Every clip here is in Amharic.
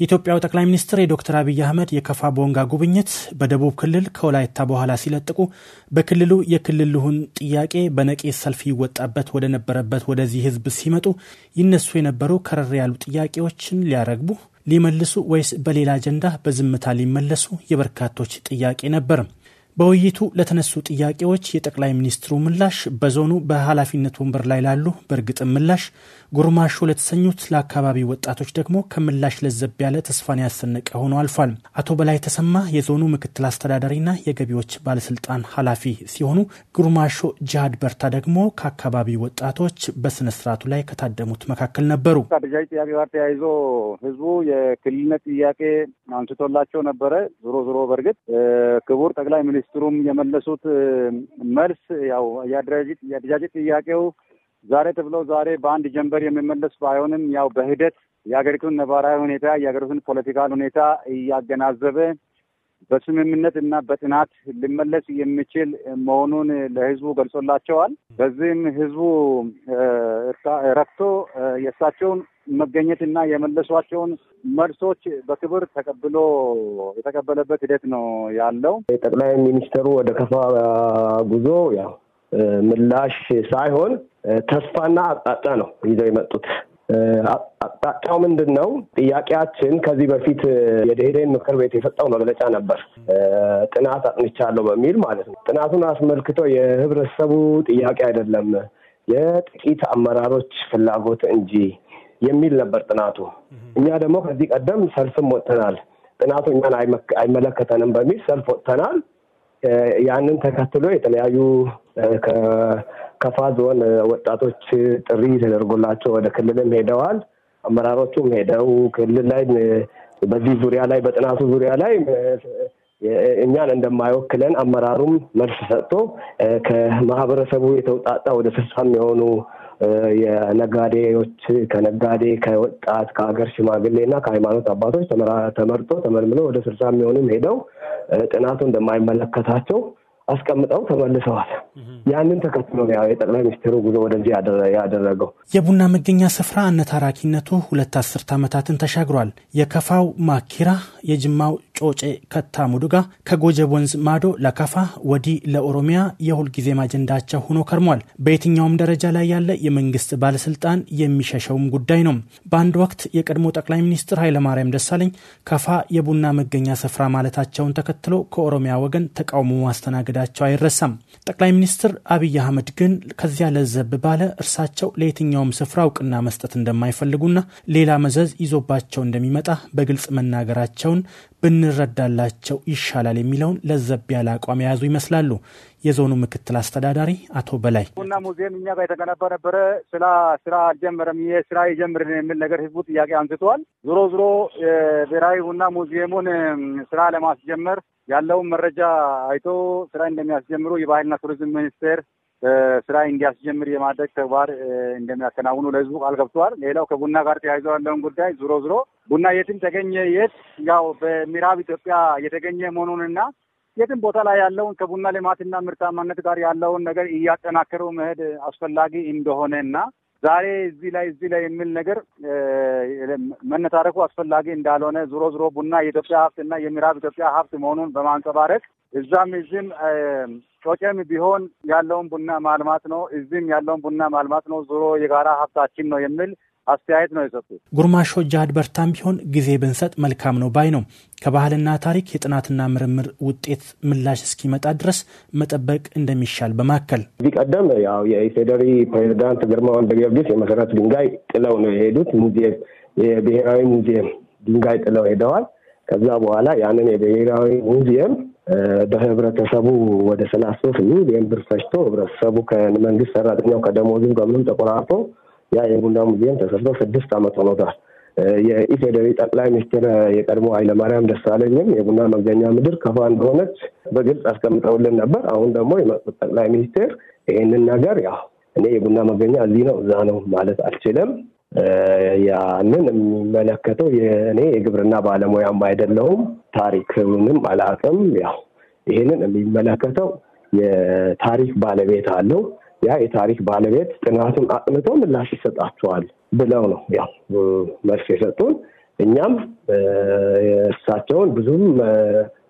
የኢትዮጵያው ጠቅላይ ሚኒስትር የዶክተር አብይ አህመድ የከፋ ቦንጋ ጉብኝት በደቡብ ክልል ከወላይታ በኋላ ሲለጥቁ በክልሉ የክልል ጥያቄ በነቂ ሰልፍ ይወጣበት ወደ ነበረበት ወደዚህ ህዝብ ሲመጡ ይነሱ የነበሩ ከረር ያሉ ጥያቄዎችን ሊያረግቡ ሊመልሱ ወይስ በሌላ አጀንዳ በዝምታ ሊመለሱ የበርካቶች ጥያቄ ነበር። በውይይቱ ለተነሱ ጥያቄዎች የጠቅላይ ሚኒስትሩ ምላሽ፣ በዞኑ በኃላፊነት ወንበር ላይ ላሉ በእርግጥም ምላሽ፣ ጉርማሾ ለተሰኙት ለአካባቢ ወጣቶች ደግሞ ከምላሽ ለዘብ ያለ ተስፋን ያሰነቀ ሆኖ አልፏል። አቶ በላይ ተሰማ የዞኑ ምክትል አስተዳዳሪና የገቢዎች ባለስልጣን ኃላፊ ሲሆኑ ጉርማሾ ጅሃድ በርታ ደግሞ ከአካባቢ ወጣቶች በስነ ስርዓቱ ላይ ከታደሙት መካከል ነበሩ። ከብሔራዊ ጥያቄ ጋር ተያይዞ ህዝቡ የክልልነት ጥያቄ አንስቶላቸው ነበረ። ዞሮ ዞሮ በእርግጥ ክቡር ጠቅላይ ሚኒስ ሚኒስትሩም የመለሱት መልስ ያው የአደረጃጀት ጥያቄው ዛሬ ተብሎ ዛሬ በአንድ ጀንበር የሚመለስ ባይሆንም ያው በሂደት የሀገሪቱን ነባራዊ ሁኔታ የሀገሪቱን ፖለቲካል ሁኔታ እያገናዘበ በስምምነት እና በጥናት ሊመለስ የሚችል መሆኑን ለህዝቡ ገልጾላቸዋል። በዚህም ህዝቡ ረክቶ የእሳቸውን መገኘትና የመለሷቸውን መልሶች በክብር ተቀብሎ የተቀበለበት ሂደት ነው ያለው። ጠቅላይ ሚኒስትሩ ወደ ከፋ ጉዞ ያው ምላሽ ሳይሆን ተስፋና አቅጣጫ ነው ይዘው የመጡት። አቅጣጫው ምንድን ነው? ጥያቄያችን ከዚህ በፊት የደሄደን ምክር ቤት የሰጠው መግለጫ ነበር። ጥናት አጥንቻለሁ በሚል ማለት ነው። ጥናቱን አስመልክቶ የህብረተሰቡ ጥያቄ አይደለም የጥቂት አመራሮች ፍላጎት እንጂ የሚል ነበር ጥናቱ። እኛ ደግሞ ከዚህ ቀደም ሰልፍም ወጥተናል። ጥናቱ እኛን አይመለከተንም በሚል ሰልፍ ወጥተናል። ያንን ተከትሎ የተለያዩ ከፋ ዞን ወጣቶች ጥሪ ተደርጎላቸው ወደ ክልልም ሄደዋል። አመራሮቹም ሄደው ክልል ላይ በዚህ ዙሪያ ላይ በጥናቱ ዙሪያ ላይ እኛን እንደማይወክለን አመራሩም መልስ ሰጥቶ ከማህበረሰቡ የተውጣጣ ወደ ስልሳ የሚሆኑ የነጋዴዎች ከነጋዴ ከወጣት ከሀገር ሽማግሌ እና ከሃይማኖት አባቶች ተመርጦ ተመልምሎ ወደ ስልሳ የሚሆኑም ሄደው ጥናቱ እንደማይመለከታቸው አስቀምጠው ተመልሰዋል። ያንን ተከትሎ ያው የጠቅላይ ሚኒስትሩ ጉዞ ወደዚህ ያደረገው የቡና መገኛ ስፍራ አነታራኪነቱ ሁለት አስርት ዓመታትን ተሻግሯል። የከፋው ማኪራ፣ የጅማው ጮጬ ከታሙ ከጎጀ ወንዝ ማዶ ለከፋ ወዲህ ለኦሮሚያ የሁልጊዜም አጀንዳቸው ሆኖ ከርሟል። በየትኛውም ደረጃ ላይ ያለ የመንግስት ባለስልጣን የሚሸሸውም ጉዳይ ነው። በአንድ ወቅት የቀድሞ ጠቅላይ ሚኒስትር ኃይለማርያም ደሳለኝ ከፋ የቡና መገኛ ስፍራ ማለታቸውን ተከትሎ ከኦሮሚያ ወገን ተቃውሞ ማስተናገዳቸው አይረሳም። ጠቅላይ ሚኒስትር አብይ አህመድ ግን ከዚያ ለዘብ ባለ እርሳቸው ለየትኛውም ስፍራ እውቅና መስጠት እንደማይፈልጉና ሌላ መዘዝ ይዞባቸው እንደሚመጣ በግልጽ መናገራቸውን ብንረዳላቸው ይሻላል የሚለውን ለዘብ ያለ አቋም የያዙ ይመስላሉ። የዞኑ ምክትል አስተዳዳሪ አቶ በላይ ቡና ሙዚየም እኛ ጋር የተገነባ ነበረ፣ ስራ ስራ አልጀመረም፣ ይሄ ስራ ይጀምርን የሚል ነገር ህዝቡ ጥያቄ አንስተዋል። ዞሮ ዞሮ ብሔራዊ ቡና ሙዚየሙን ስራ ለማስጀመር ያለውን መረጃ አይቶ ስራ እንደሚያስጀምሩ የባህልና ቱሪዝም ሚኒስቴር ስራ እንዲያስጀምር የማድረግ ተግባር እንደሚያከናውኑ ለህዝቡ ቃል ገብተዋል። ሌላው ከቡና ጋር ተያይዞ ያለውን ጉዳይ ዞሮ ዞሮ ቡና የትም ተገኘ የት ያው በምዕራብ ኢትዮጵያ የተገኘ መሆኑንና የትም ቦታ ላይ ያለውን ከቡና ልማትና ምርታማነት ጋር ያለውን ነገር እያጠናከረው መሄድ አስፈላጊ እንደሆነ እና ዛሬ እዚህ ላይ እዚህ ላይ የሚል ነገር መነታረኩ አስፈላጊ እንዳልሆነ ዞሮ ዞሮ ቡና የኢትዮጵያ እና የምዕራብ ኢትዮጵያ ሀብት መሆኑን በማንጸባረቅ እዛም እዚህም ጮቄም ቢሆን ያለውን ቡና ማልማት ነው፣ እዚህም ያለውን ቡና ማልማት ነው። ዞሮ የጋራ ሀብታችን ነው የሚል አስተያየት ነው የሰጡት። ጉርማሾ ጃድ በርታም ቢሆን ጊዜ ብንሰጥ መልካም ነው ባይ ነው። ከባህልና ታሪክ የጥናትና ምርምር ውጤት ምላሽ እስኪመጣ ድረስ መጠበቅ እንደሚሻል በማከል እዚህ ቀደም ያው የኢፌዴሪ ፕሬዚዳንት ግርማ ወልደ ጊዮርጊስ የመሰረት ድንጋይ ጥለው ነው የሄዱት። ሙዚየም የብሔራዊ ሙዚየም ድንጋይ ጥለው ሄደዋል። ከዛ በኋላ ያንን የብሔራዊ ሙዚየም በህብረተሰቡ ወደ ሰላሳ ሶስት ሚሊዮን ብር ፈጅቶ ህብረተሰቡ ከመንግስት ሰራተኛው ከደሞዝም ከምንም ተቆራርጦ ያ የቡና ሙዚየም ተሰርቶ ስድስት ዓመት ሆኖታል። የኢፌዴሪ ጠቅላይ ሚኒስትር የቀድሞ ኃይለማርያም ደሳለኝም የቡና መገኛ ምድር ከፋ እንደሆነች በግልጽ አስቀምጠውልን ነበር። አሁን ደግሞ የመጡት ጠቅላይ ሚኒስትር ይህንን ነገር ያው እኔ የቡና መገኛ እዚህ ነው እዛ ነው ማለት አልችልም ያንን የሚመለከተው እኔ የግብርና ባለሙያም አይደለሁም፣ ታሪክንም አላውቅም። ያው ይህንን የሚመለከተው የታሪክ ባለቤት አለው። ያ የታሪክ ባለቤት ጥናቱን አጥንቶ ምላሽ ይሰጣቸዋል ብለው ነው ያው መልስ የሰጡን። እኛም እሳቸውን ብዙም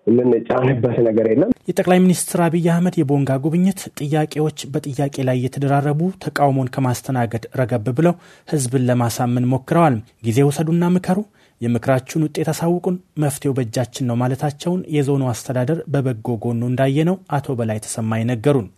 የምንጫንበት ነገር የለም። የጠቅላይ ሚኒስትር አብይ አህመድ የቦንጋ ጉብኝት ጥያቄዎች በጥያቄ ላይ እየተደራረቡ ተቃውሞን ከማስተናገድ ረገብ ብለው ህዝብን ለማሳመን ሞክረዋል። ጊዜ ውሰዱና ምከሩ የምክራችሁን ውጤት አሳውቁን፣ መፍትሄው በእጃችን ነው ማለታቸውን የዞኑ አስተዳደር በበጎ ጎኑ እንዳየ ነው አቶ በላይ ተሰማ ይነገሩን።